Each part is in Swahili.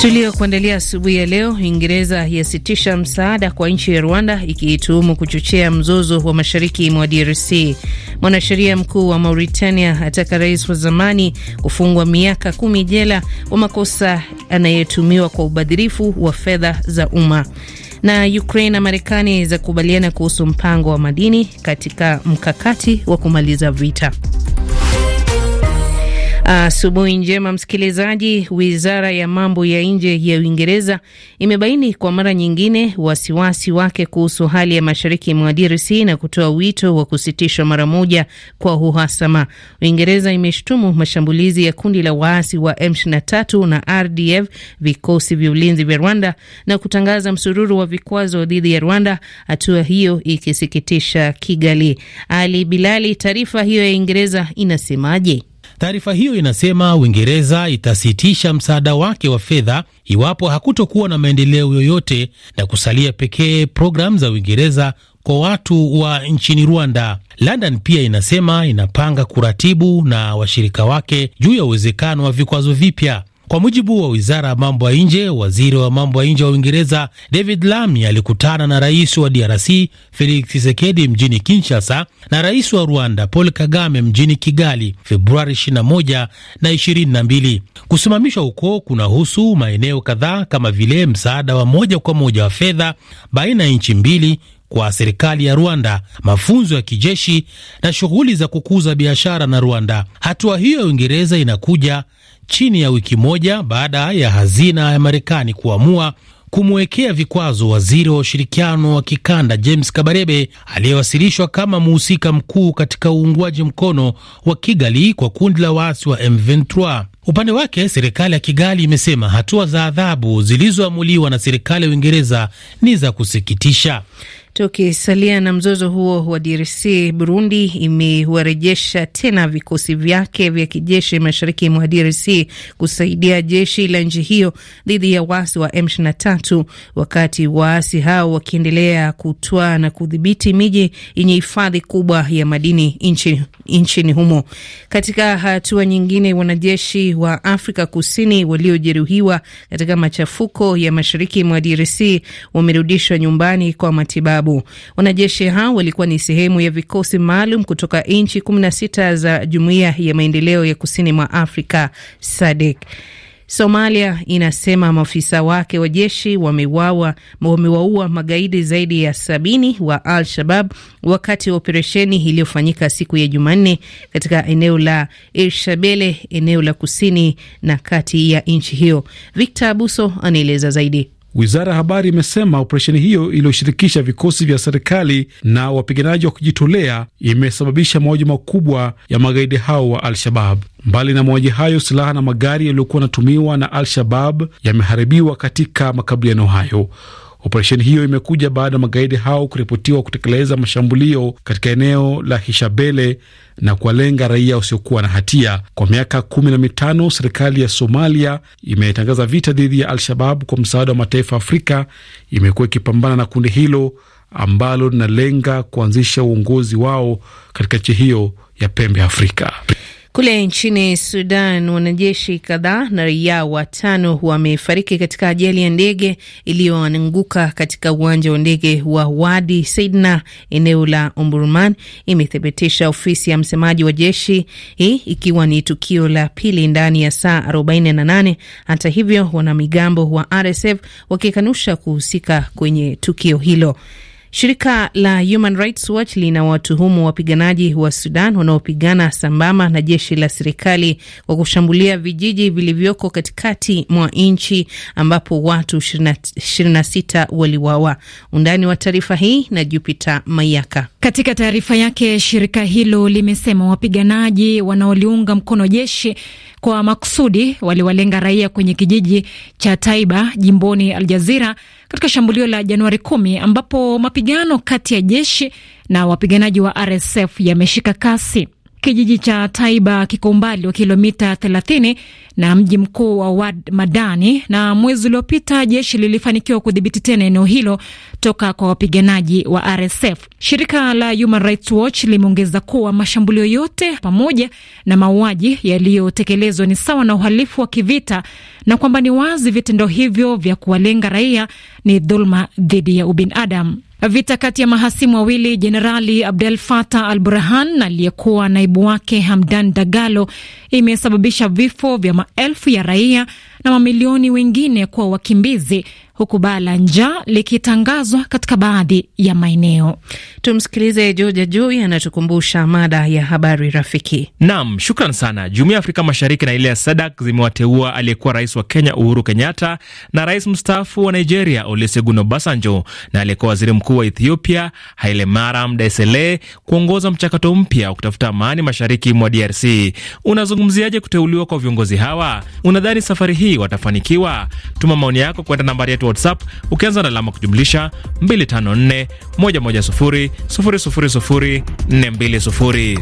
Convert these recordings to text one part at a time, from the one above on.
Tuliyokuandalia asubuhi ya leo: Uingereza yasitisha msaada kwa nchi ya Rwanda ikiituhumu kuchochea mzozo wa mashariki mwa DRC. Mwanasheria mkuu wa Mauritania ataka rais wa zamani kufungwa miaka kumi jela kwa makosa anayetumiwa kwa ubadhirifu wa fedha za umma. Na Ukraine na Marekani zakubaliana kuhusu mpango wa madini katika mkakati wa kumaliza vita. Ah, asubuhi njema msikilizaji. Wizara ya mambo ya nje ya Uingereza imebaini kwa mara nyingine wasiwasi wake kuhusu hali ya mashariki mwa DRC na kutoa wito wa kusitishwa mara moja kwa uhasama. Uingereza imeshtumu mashambulizi ya kundi la waasi wa M23 na RDF, vikosi vya ulinzi vya Rwanda, na kutangaza msururu wa vikwazo dhidi ya Rwanda, hatua hiyo ikisikitisha Kigali. Ali Bilali, taarifa hiyo ya Uingereza inasemaje? Taarifa hiyo inasema Uingereza itasitisha msaada wake wa fedha iwapo hakutokuwa na maendeleo yoyote na kusalia pekee programu za Uingereza kwa watu wa nchini Rwanda. London pia inasema inapanga kuratibu na washirika wake juu ya uwezekano wa vikwazo vipya. Kwa mujibu wa wizara ya mambo ya nje, waziri wa mambo ya nje wa Uingereza David Lammy alikutana na rais wa DRC Felix Tshisekedi mjini Kinshasa na rais wa Rwanda Paul Kagame mjini Kigali Februari 21 na 22. Kusimamishwa huko kunahusu maeneo kadhaa kama vile msaada wa moja kwa moja wa fedha baina ya nchi mbili kwa serikali ya Rwanda, mafunzo ya kijeshi na shughuli za kukuza biashara na Rwanda. Hatua hiyo ya Uingereza inakuja chini ya wiki moja baada ya hazina ya Marekani kuamua kumwekea vikwazo waziri wa ushirikiano wa kikanda James Kabarebe aliyewasilishwa kama mhusika mkuu katika uungwaji mkono wa Kigali kwa kundi la waasi wa M23. Upande wake serikali ya Kigali imesema hatua za adhabu zilizoamuliwa na serikali ya Uingereza ni za kusikitisha. Tukisalia na mzozo huo wa DRC, Burundi imewarejesha tena vikosi vyake vya kijeshi mashariki mwa DRC kusaidia jeshi la nchi hiyo dhidi ya waasi wa M23, wakati waasi hao wakiendelea kutwaa na kudhibiti miji yenye hifadhi kubwa ya madini nchini, nchini humo. Katika hatua nyingine, wanajeshi wa Afrika Kusini waliojeruhiwa katika machafuko ya mashariki mwa DRC wamerudishwa nyumbani kwa matibabu. Kiarabu. Wanajeshi hao walikuwa ni sehemu ya vikosi maalum kutoka nchi 16 za Jumuiya ya Maendeleo ya Kusini mwa Afrika SADC. Somalia inasema maafisa wake wa jeshi wamewaua wamewaua magaidi zaidi ya sabini wa Al Shabab wakati wa operesheni iliyofanyika siku ya Jumanne katika eneo la Elshabele, eneo la kusini na kati ya nchi hiyo. Victor Abuso anaeleza zaidi. Wizara ya habari imesema operesheni hiyo iliyoshirikisha vikosi vya serikali na wapiganaji wa kujitolea imesababisha mauaji makubwa ya magaidi hao wa Al-Shabab. Mbali na mauaji hayo, silaha na magari yaliyokuwa yanatumiwa na Al-Shabab yameharibiwa katika makabiliano hayo. Operesheni hiyo imekuja baada ya magaidi hao kuripotiwa kutekeleza mashambulio katika eneo la Hishabele na kuwalenga raia wasiokuwa na hatia. Kwa miaka kumi na mitano serikali ya Somalia imetangaza vita dhidi ya Al-Shabab kwa msaada wa mataifa ya Afrika. Imekuwa ikipambana na kundi hilo ambalo linalenga kuanzisha uongozi wao katika nchi hiyo ya pembe ya Afrika. Kule nchini Sudan, wanajeshi kadhaa na raia watano wamefariki katika ajali ya ndege iliyoanguka katika uwanja wa ndege wa Wadi Sidna, eneo la umburman imethibitisha ofisi ya msemaji wa jeshi, hii ikiwa ni tukio la pili ndani ya saa 48. Hata hivyo, wanamigambo wa RSF wakikanusha kuhusika kwenye tukio hilo. Shirika la Human Rights Watch linawatuhumu wapiganaji wa Sudan wanaopigana sambamba na jeshi la serikali kwa kushambulia vijiji vilivyoko katikati mwa nchi ambapo watu 26 waliwawa. Undani wa taarifa hii na Jupiter Mayaka. Katika taarifa yake, shirika hilo limesema wapiganaji wanaoliunga mkono jeshi kwa makusudi waliwalenga raia kwenye kijiji cha Taiba jimboni Aljazira katika shambulio la Januari kumi ambapo mapigano kati ya jeshi na wapiganaji wa RSF yameshika kasi. Kijiji cha Taiba kiko umbali wa kilomita 30 na mji mkuu wa Wad Madani, na mwezi uliopita jeshi lilifanikiwa kudhibiti tena eneo hilo toka kwa wapiganaji wa RSF. Shirika la Human Rights Watch limeongeza kuwa mashambulio yote pamoja na mauaji yaliyotekelezwa ni sawa na uhalifu wa kivita na kwamba ni wazi vitendo hivyo vya kuwalenga raia ni dhuluma dhidi ya ubinadamu. Vita kati ya mahasimu wawili Jenerali Abdel Fattah al Burhan na aliyekuwa naibu wake Hamdan Dagalo imesababisha vifo vya maelfu ya raia na mamilioni wengine kuwa wakimbizi huku baa la njaa likitangazwa katika baadhi ya maeneo. Tumsikilize Joja Joi anatukumbusha mada ya habari rafiki. Naam, shukran sana. Jumuiya ya Afrika Mashariki na ile ya SADAK zimewateua aliyekuwa rais wa Kenya Uhuru Kenyatta na rais mstaafu wa Nigeria Olusegun Obasanjo na aliyekuwa waziri mkuu wa Ethiopia Hailemariam Desalegn kuongoza mchakato mpya wa kutafuta amani mashariki mwa DRC. Unazungumziaje kuteuliwa kwa viongozi hawa? Unadhani safari hii watafanikiwa? Tuma maoni yako kwenda nambari yetu WhatsApp ukianza na alama kujumlisha 254 110 000 420.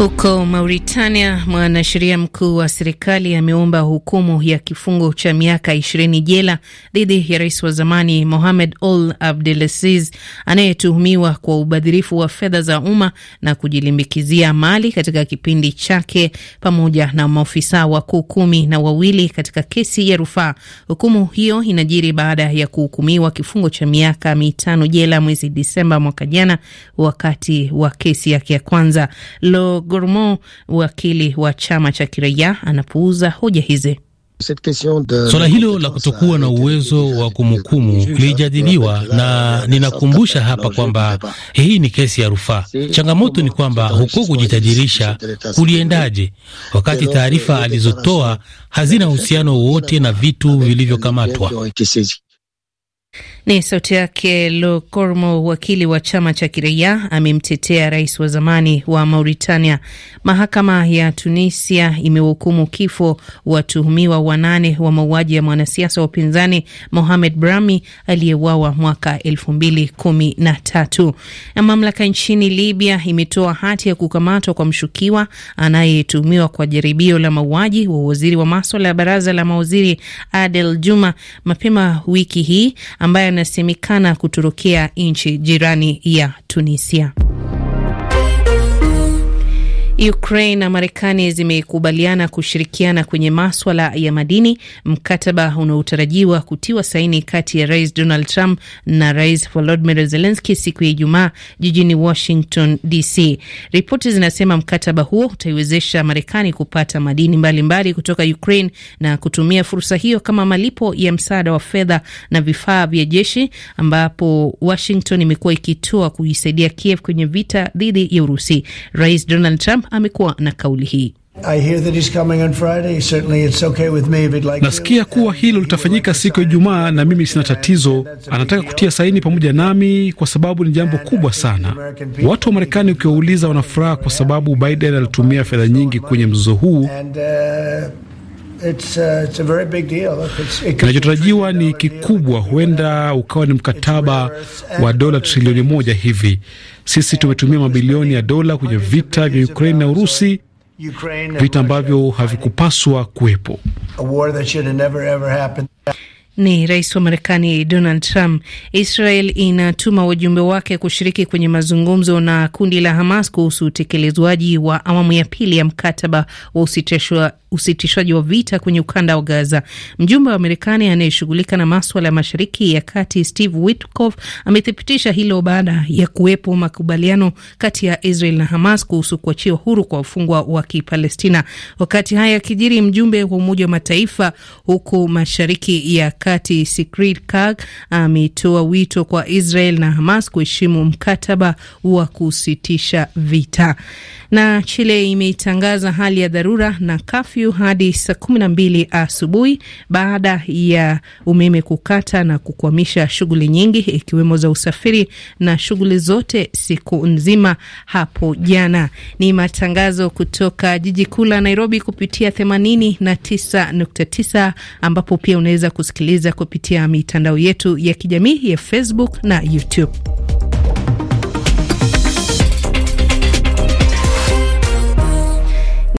Huko Mauritania, mwanasheria mkuu wa serikali ameomba hukumu ya kifungo cha miaka ishirini jela dhidi ya rais wa zamani Mohamed Ould Abdelaziz anayetuhumiwa kwa ubadhirifu wa fedha za umma na kujilimbikizia mali katika kipindi chake pamoja na maofisa wakuu kumi na wawili katika kesi ya rufaa. Hukumu hiyo inajiri baada ya kuhukumiwa kifungo cha miaka mitano jela mwezi Disemba mwaka jana wakati wa kesi yake ya kwanza Log Gourmont, wakili wa chama cha kiraia, anapuuza hoja hizi. Swala hilo la kutokuwa na uwezo wa kumhukumu lilijadiliwa, na ninakumbusha hapa kwamba hii ni kesi ya rufaa. Changamoto ni kwamba huko kujitajirisha kuliendaje, wakati taarifa alizotoa hazina uhusiano wowote na vitu vilivyokamatwa. Ni sauti yake Lo wakili wa chama cha kiraia, amemtetea rais wa zamani wa Mauritania. Mahakama ya Tunisia imewahukumu kifo watuhumiwa wanane wa mauaji ya mwanasiasa wa upinzani Mohamed Brahmi aliyeuawa mwaka elfu mbili kumi na tatu. Na mamlaka nchini Libya imetoa hati ya kukamatwa kwa mshukiwa anayetuhumiwa kwa jaribio la mauaji wa waziri wa maswala ya baraza la mawaziri Adel Juma mapema wiki hii ambaye inasemekana kutorokea nchi jirani ya Tunisia. Ukraine na Marekani zimekubaliana kushirikiana kwenye maswala ya madini, mkataba unaotarajiwa kutiwa saini kati ya Rais Donald Trump na Rais Volodymyr Zelenski siku ya Ijumaa jijini Washington DC. Ripoti zinasema mkataba huo utaiwezesha Marekani kupata madini mbalimbali mbali kutoka Ukraine na kutumia fursa hiyo kama malipo ya msaada wa fedha na vifaa vya jeshi, ambapo Washington imekuwa ikitoa kuisaidia Kiev kwenye vita dhidi ya Urusi. Rais Donald Trump amekuwa na kauli hii. Nasikia kuwa hilo litafanyika siku ya Ijumaa na mimi sina tatizo. Anataka kutia saini pamoja nami kwa sababu ni jambo kubwa sana. Watu wa Marekani ukiwauliza, wanafuraha kwa sababu Biden alitumia fedha nyingi kwenye mzozo huu. Uh, uh, Kinachotarajiwa ni kikubwa, huenda ukawa ni mkataba wa dola trilioni moja hivi. Sisi tumetumia mabilioni ya dola kwenye vita vya Ukraine na Urusi, vita ambavyo havikupaswa kuwepo ni rais wa Marekani Donald Trump. Israel inatuma wajumbe wake kushiriki kwenye mazungumzo na kundi la Hamas kuhusu utekelezwaji wa awamu ya pili ya mkataba wa usitishwaji wa vita kwenye ukanda wa Gaza. Mjumbe wa Marekani anayeshughulika na maswala ya mashariki ya kati Steve Witkoff amethibitisha hilo baada ya kuwepo makubaliano kati ya Israel na Hamas kuhusu kuachiwa huru kwa wafungwa wa Kipalestina. Wakati haya yakijiri, mjumbe wa Umoja wa Mataifa huku mashariki ya kati kati Sigrid Kaag ametoa wito kwa Israel na Hamas kuheshimu mkataba wa kusitisha vita. Na Chile imetangaza hali ya dharura na kafyu hadi saa kumi na mbili asubuhi baada ya umeme kukata na kukwamisha shughuli nyingi ikiwemo za usafiri na shughuli zote siku nzima hapo jana. Ni matangazo kutoka jiji kuu la Nairobi kupitia 89.9 ambapo pia unaweza kusikiliza kutusikiliza kupitia mitandao yetu ya kijamii ya Facebook na YouTube.